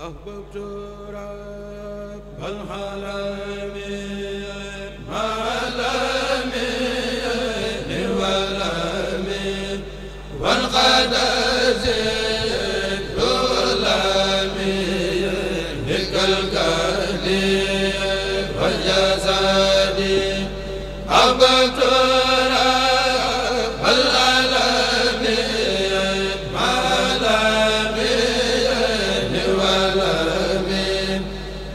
أحببت رب العالمين العالمين والعالمين والقدس أبدا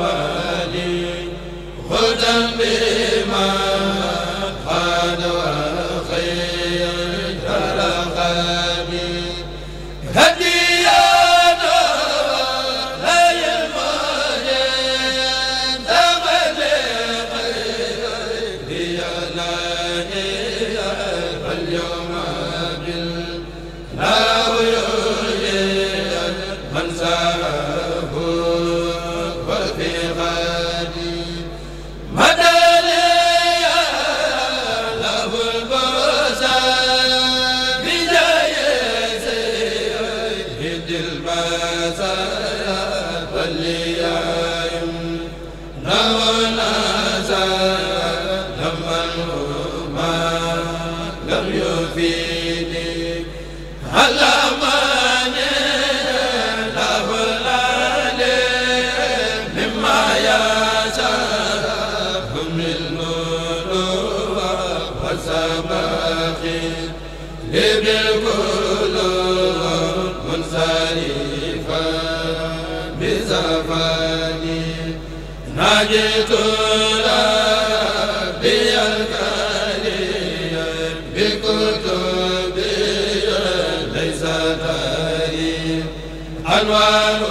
wa léegi Allahu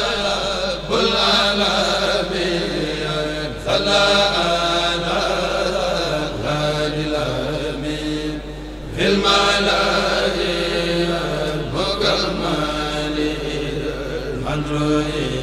الملائكة المكرمين